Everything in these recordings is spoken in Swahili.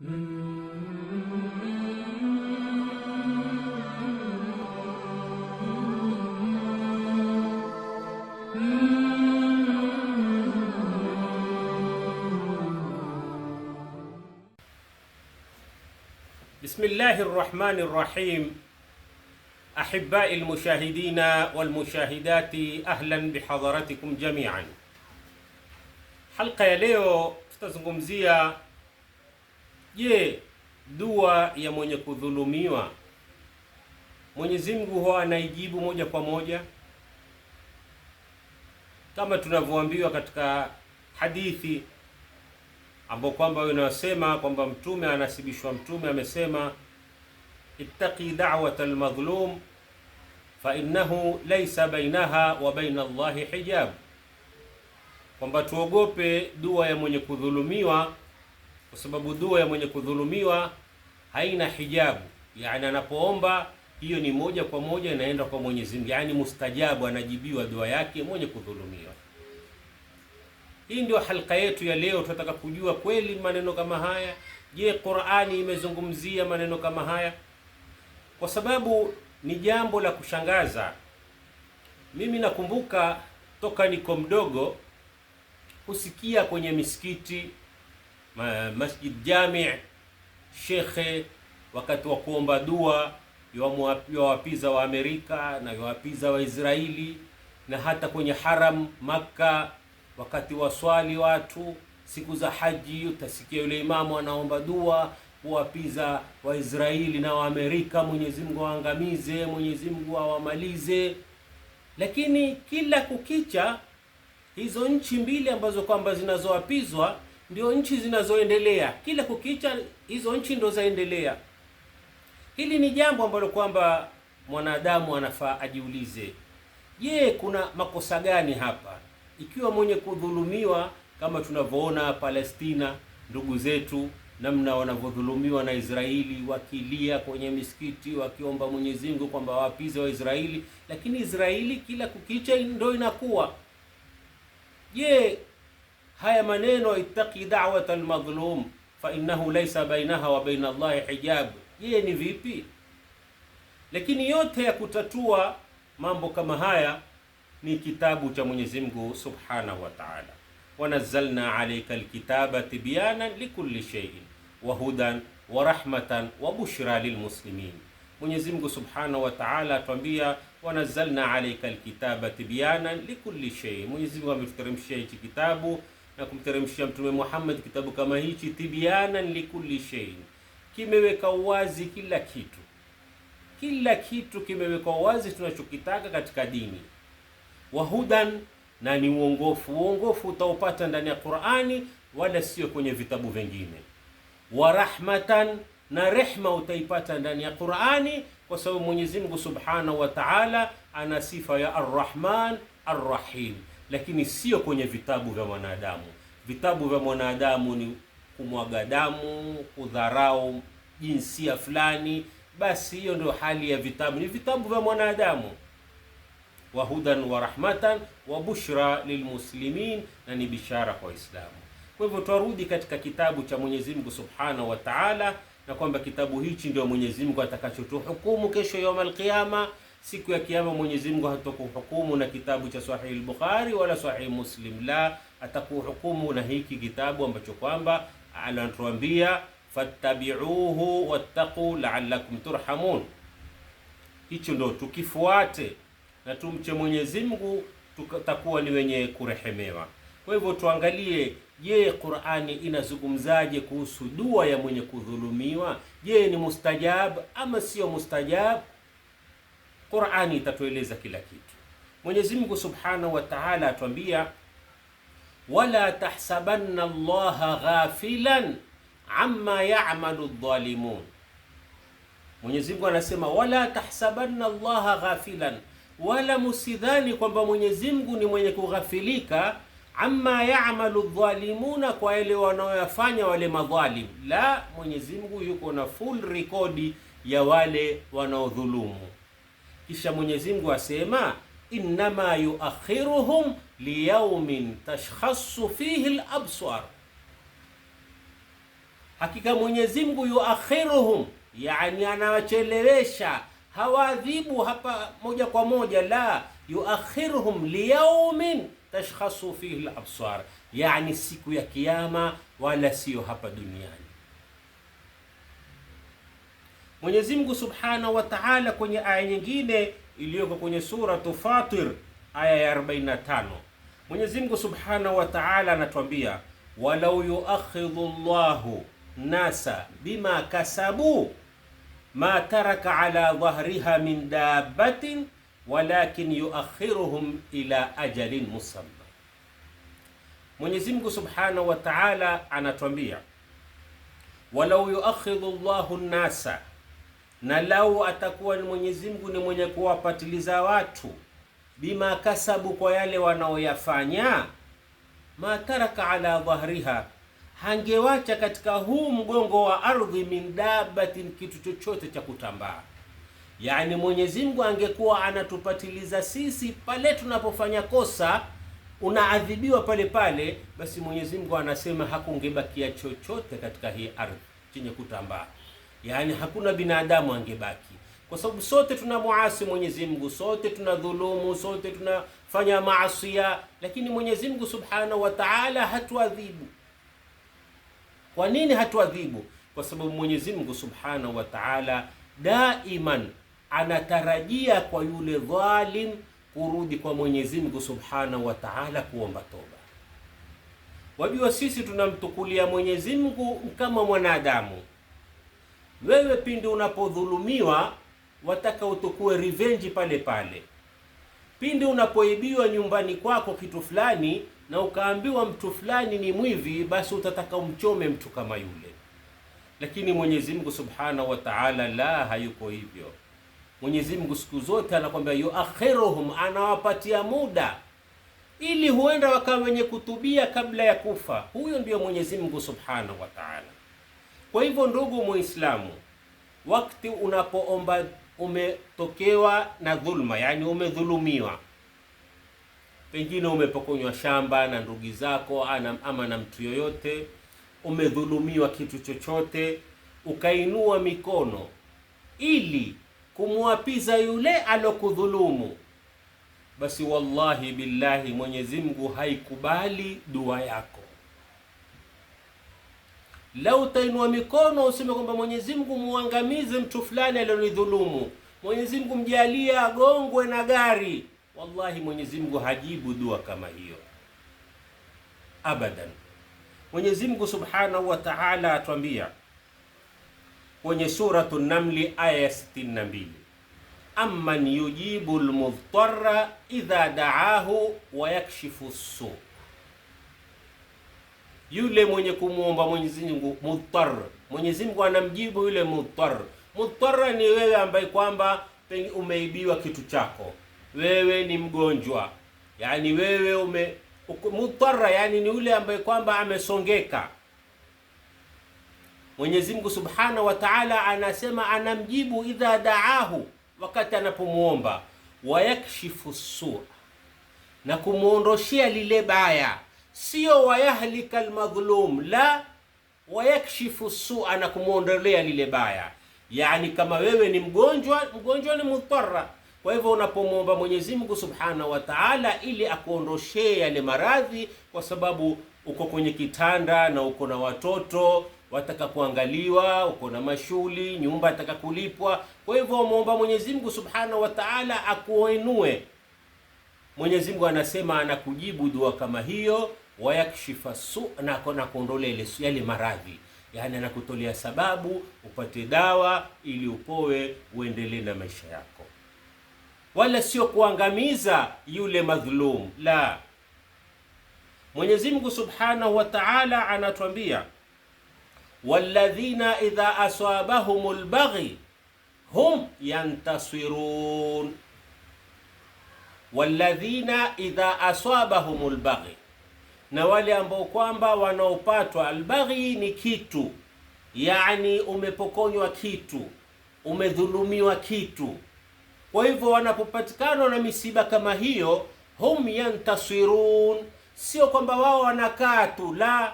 بسم الله الرحمن الرحيم أحباء المشاهدين والمشاهدات أهلا بحضرتكم جميعا حلقة يا ليو Je, dua ya mwenye kudhulumiwa Mwenyezi Mungu huwa anaijibu moja kwa moja kama tunavyoambiwa katika hadithi ambao kwamba inasema kwamba mtume anasibishwa, mtume amesema ittaqi dawat almadhlum fa innahu laysa bainaha wa baina Allahi hijab, kwamba tuogope dua ya mwenye kudhulumiwa kwa sababu dua ya mwenye kudhulumiwa haina hijabu, yani anapoomba hiyo ni moja kwa moja inaenda kwa Mwenyezi Mungu, yani mustajabu, anajibiwa dua yake mwenye kudhulumiwa. Hii ndio halka yetu ya leo, tunataka kujua kweli maneno kama haya. Je, Qur'ani imezungumzia maneno kama haya? Kwa sababu ni jambo la kushangaza. Mimi nakumbuka toka niko mdogo kusikia kwenye misikiti Masjid Jami shekhe, wakati wa kuomba dua yawapiza wa Amerika na yawapiza wa Israeli na hata kwenye haram Makka, wakati waswali watu siku za haji, utasikia yule imamu anaomba dua kuwapiza Waisraeli na Waamerika, Mwenyezi Mungu awaangamize, Mwenyezi Mungu awamalize. Lakini kila kukicha hizo nchi mbili ambazo kwamba zinazowapizwa ndio nchi zinazoendelea, kila kukicha hizo nchi ndo zaendelea. Hili ni jambo ambalo kwamba mwanadamu anafaa ajiulize, je, kuna makosa gani hapa? Ikiwa mwenye kudhulumiwa kama tunavyoona Palestina, ndugu zetu namna wanavyodhulumiwa na Israeli, wakilia kwenye misikiti wakiomba Mwenyezi Mungu kwamba wa Waisraeli, lakini Israeli kila kukicha ndio inakuwa. Je, haya maneno itaki da'wata almadhlum fa innahu laysa bainaha wa baina Allahi hijab, yeye ni vipi? Lakini yote ya kutatua mambo kama haya ni kitabu cha Mwenyezi Mungu Subhanahu wa Ta'ala. wa nazzalna alayka alkitaba tibyanan likulli shay'in wa hudan wa rahmatan wa bushra lilmuslimin. Mwenyezi Mungu Subhanahu wa Ta'ala atwambia wa nazzalna alayka alkitaba tibyanan likulli shay'in. Mwenyezi Mungu ametuteremshia hichi kitabu na kumteremshia Mtume Muhammad kitabu kama hichi, tibyanan likulli shay, kimeweka wazi kila kitu. Kila kitu kimeweka wazi tunachokitaka katika dini. Wahudan, na ni uongofu. Uongofu utaupata ndani ya Qur'ani, wala sio kwenye vitabu vingine. Warahmatan, na rehma utaipata ndani ya Qur'ani, kwa sababu Mwenyezi Mungu Subhanahu wa Ta'ala ana sifa ya Arrahman rahim lakini sio kwenye vitabu vya mwanadamu. Vitabu vya mwanadamu ni kumwaga damu, kudharau jinsia fulani, basi hiyo ndio hali ya vitabu. Ni vitabu vya mwanadamu wa hudan wa rahmatan wa bushra lilmuslimin, na ni bishara kwa Waislamu. Kwa hivyo twarudi katika kitabu cha Mwenyezi Mungu Subhanahu wa Ta'ala, na kwamba kitabu hichi ndio Mwenyezi Mungu atakachotuhukumu kesho yaumul qiyama siku ya Kiyama Mwenyezi Mungu hatakuhukumu na kitabu cha Sahih al-Bukhari wala Sahih Muslim, la atakuhukumu na hiki kitabu ambacho kwamba anatuambia fattabi'uhu wattaqu la'allakum turhamun. Hicho ndo tukifuate na tumche Mwenyezi Mungu tutakuwa ni wenye kurehemewa. Kwa hivyo tuangalie, je, Qur'ani inazungumzaje kuhusu dua ya mwenye kudhulumiwa? Je, ni mustajab ama sio mustajab? Qur'ani itatueleza kila kitu. Mwenyezi Mungu Subhanahu wa Ta'ala atuambia, wala tahsabanna Allaha ghafilan amma ya'malu dhalimun. Mwenyezi Mungu anasema wala tahsabanna llaha ghafilan, wala musidhani kwamba Mwenyezi Mungu ni mwenye kughafilika amma ya'malu dhalimuna, kwa yale wanaoyafanya wale madhalim. La, Mwenyezi Mungu yuko na full rekodi ya wale wanaodhulumu. Kisha Mwenyezi Mungu asema innama yuakhiruhum liyaumin tashkhasu fihi labsar, hakika Mwenyezi Mungu yuakhiruhum, yani anawachelewesha, hawaadhibu hapa moja kwa moja, la yuakhiruhum liyaumin tashkhasu fihi labsar, yani siku ya Kiyama, wala sio hapa duniani. Mwenyezi Mungu Subhanahu wa Ta'ala kwenye aya nyingine iliyoko kwenye sura Tufatir aya ya 45, Mwenyezi Mungu Subhanahu wa Ta'ala anatuambia walau yuakhidhu Allahu nasa bima kasabu ma taraka ala dhahriha min dabbatin walakin yuakhiruhum ila ajalin musamma. Mwenyezi Mungu Subhanahu wa Ta'ala anatuambia walau yuakhidhu Allahu nasa na lau atakuwa ni Mwenyezi Mungu ni mwenye kuwapatiliza watu bima kasabu, kwa yale wanaoyafanya, mataraka ala dhahriha, hangewacha katika huu mgongo wa ardhi, min dabatin, kitu chochote cha kutambaa. Yani Mwenyezi Mungu angekuwa anatupatiliza sisi pale tunapofanya kosa, unaadhibiwa pale pale, basi Mwenyezi Mungu anasema hakungebakia chochote katika hii ardhi chenye kutambaa yani hakuna binadamu angebaki, kwa sababu sote tuna muasi Mwenyezi Mungu, sote tuna dhulumu, sote tunafanya maasia, lakini Mwenyezi Mungu Subhanahu wa Ta'ala hatuadhibu. Kwa nini hatuadhibu? Kwa sababu Mwenyezi Mungu Subhanahu wa Ta'ala daiman anatarajia kwa yule dhalim kurudi kwa Mwenyezi Mungu Subhanahu wa Ta'ala kuomba toba. Wajua sisi tunamtukulia Mwenyezi Mungu kama mwanadamu wewe pindi unapodhulumiwa, wataka utukue revenge pale pale. Pindi unapoibiwa nyumbani kwako kitu fulani na ukaambiwa mtu fulani ni mwivi, basi utataka umchome mtu kama yule. Lakini Mwenyezi Mungu Subhanahu wa Ta'ala, la, hayuko hivyo. Mwenyezi Mungu siku zote anakwambia yuakhiruhum, anawapatia muda ili huenda wakawa wenye kutubia kabla ya kufa. Huyo ndiyo Mwenyezi Mungu Subhanahu wa Ta'ala. Kwa hivyo ndugu Muislamu, wakati unapoomba umetokewa na dhulma, yani umedhulumiwa, pengine umepokonywa shamba na ndugu zako ama na mtu yoyote, umedhulumiwa kitu chochote, ukainua mikono ili kumwapiza yule alokudhulumu, basi wallahi billahi, Mwenyezi Mungu haikubali dua yako lau utainua mikono useme kwamba Mwenyezi Mungu muangamize mtu fulani alionidhulumu, Mwenyezi Mungu mjalie agongwe na gari, wallahi Mwenyezi Mungu hajibu dua kama hiyo abadan. Mwenyezi Mungu Subhanahu wa Ta'ala atwambia kwenye suratu Namli aya ya 62, amman yujibu lmudhtara idha daahu wa yakshifu suu yule mwenye kumwomba Mwenyezi Mungu mutar. Mwenyezi Mungu anamjibu yule mutar. Mutar ni wewe ambaye kwamba umeibiwa kitu chako, wewe ni mgonjwa, yani wewe ume mudhar, yani ni yule ambaye kwamba amesongeka. Mwenyezi Mungu Subhanahu wa Ta'ala anasema anamjibu idha daahu, wakati anapomwomba, wayakshifu sua, na kumwondoshea lile baya sio wayahlika lmadhlum, la wayakshifu sua, na kumwondolea lile baya. Yani kama wewe ni mgonjwa, mgonjwa ni mudhara. Kwa hivyo unapomwomba Mwenyezi Mungu subhanahu wa taala ili akuondoshee yale maradhi, kwa sababu uko kwenye kitanda na uko na watoto wataka kuangaliwa, uko na mashughuli, nyumba ataka kulipwa. Kwa hivyo muomba Mwenyezi Mungu subhanahu wa taala akuinue. Mwenyezi Mungu anasema anakujibu dua kama hiyo, wayakshifa su na kuondolea yale maradhi, yani, anakutolea sababu upate dawa ili upoe uendelee na maisha yako, wala sio kuangamiza yule madhulum la Mwenyezi Mungu Subhanahu wa Ta'ala anatuambia walladhina idha aswabahumul baghi hum yantasirun, walladhina idha aswabahumul baghi na wale ambao kwamba wanaopatwa. Albaghi ni kitu, yani umepokonywa kitu, umedhulumiwa kitu. Kwa hivyo wanapopatikana na misiba kama hiyo, hum yantasirun, sio kwamba wao wanakaa tu, la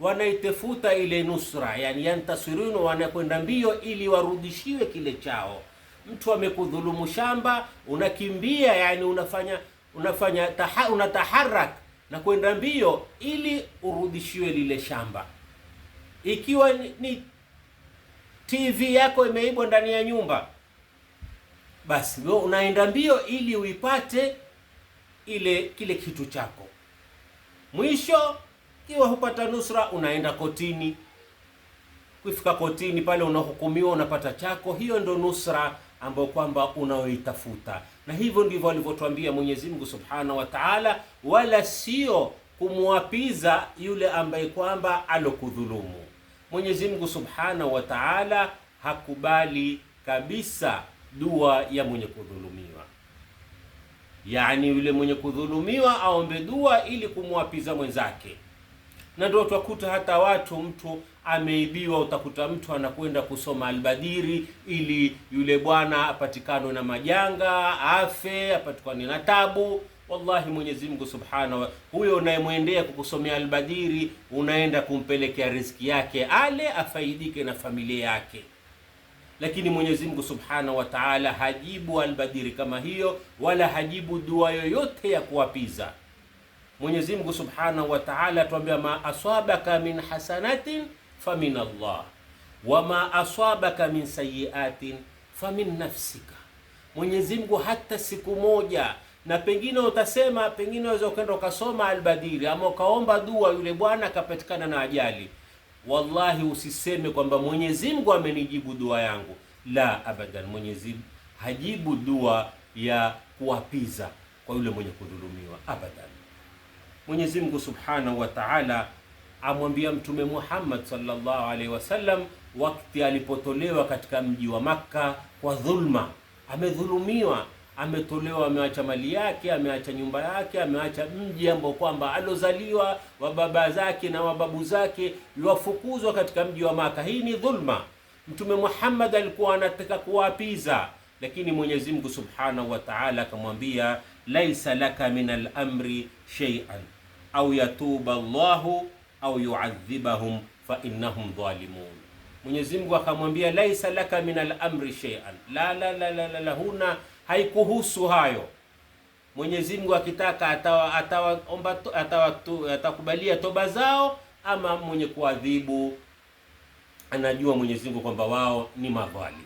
wanaitefuta ile nusra, yani yantasirun, wanakwenda mbio ili warudishiwe kile chao. Mtu amekudhulumu shamba, unakimbia, yani unafanya unafanya taha, unataharak na kwenda mbio ili urudishiwe lile shamba. Ikiwa ni TV yako imeibwa ndani ya nyumba, basi wewe unaenda mbio ili uipate ile kile kitu chako. Mwisho ikiwa hupata nusra, unaenda kotini. Kufika kotini pale unahukumiwa, unapata chako. Hiyo ndo nusra ambayo kwamba unaoitafuta. Na hivyo ndivyo alivyotuambia Mwenyezi Mungu Subhanahu wa Ta'ala, wala sio kumwapiza yule ambaye kwamba alokudhulumu. Mwenyezi Mungu Subhanahu wa Ta'ala hakubali kabisa dua ya mwenye kudhulumiwa, yaani yule mwenye kudhulumiwa aombe dua ili kumwapiza mwenzake na ndio utakuta hata watu, mtu ameibiwa, utakuta mtu anakwenda kusoma albadiri ili yule bwana apatikane na majanga, afe, apatikane na tabu. Wallahi, Mwenyezi Mungu subhanahu wa huyo unayemwendea kukusomea albadiri, unaenda kumpelekea riziki yake, ale afaidike na familia yake. Lakini Mwenyezi Mungu subhanahu wa taala hajibu albadiri kama hiyo, wala hajibu dua yoyote ya kuwapiza. Mwenyezi Mungu Subhanahu wa Ta'ala atuambia, ma aswabaka min hasanatin fa min Allah wa ma aswabaka min sayiatin fa min nafsika. Mwenyezi Mungu hata siku moja, na pengine utasema, pengine unaweza ukaenda ukasoma albadili ama ukaomba dua, yule bwana akapatikana na ajali. Wallahi, usiseme kwamba Mwenyezi Mungu amenijibu dua yangu, la abadan. Mwenyezi Mungu hajibu dua ya kuwapiza kwa yule mwenye kudhulumiwa abadan. Mwenyezi Mungu Subhanahu wa Ta'ala amwambia Mtume Muhammad sallallahu alaihi wasallam wakati alipotolewa katika mji wa Makka kwa dhulma, amedhulumiwa, ametolewa, ameacha mali yake, ameacha nyumba yake, ameacha mji ambao kwamba alozaliwa wa baba zake na wababu zake, wafukuzwa katika mji wa Makka. Hii ni dhulma. Mtume Muhammad alikuwa anataka kuwapiza, lakini Mwenyezi Mungu Subhanahu wa Ta'ala akamwambia, laisa laka min al-amri shay'an au yatuba Allahu au yuadhibahum fa innahum dhalimun. Mwenyezi Mungu akamwambia laisa laka min al-amri shay'an, la la la la la, huna haikuhusu hayo. Mwenyezi Mungu akitaka atawa atawaomba atawa, atakubalia toba zao, ama mwenye kuadhibu anajua Mwenyezi Mungu kwamba wao ni madhalimu.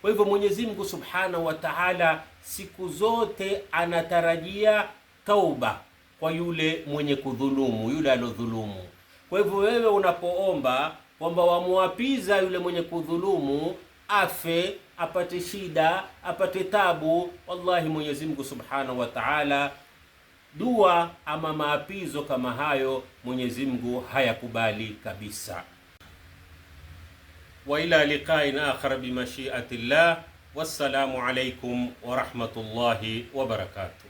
Kwa hivyo Mwenyezi Mungu Subhanahu wa Ta'ala siku zote anatarajia tauba kwa yule mwenye kudhulumu, yule alodhulumu. Kwa hivyo wewe unapoomba kwamba wamwapiza yule mwenye kudhulumu afe, apate shida, apate tabu, wallahi Mwenyezi Mungu Subhanahu wa Ta'ala dua ama maapizo kama hayo Mwenyezi Mungu hayakubali kabisa. Wa ila liqa'in akhar bi mashi'atillah. Wassalamu alaykum wa rahmatullahi wa barakatuh.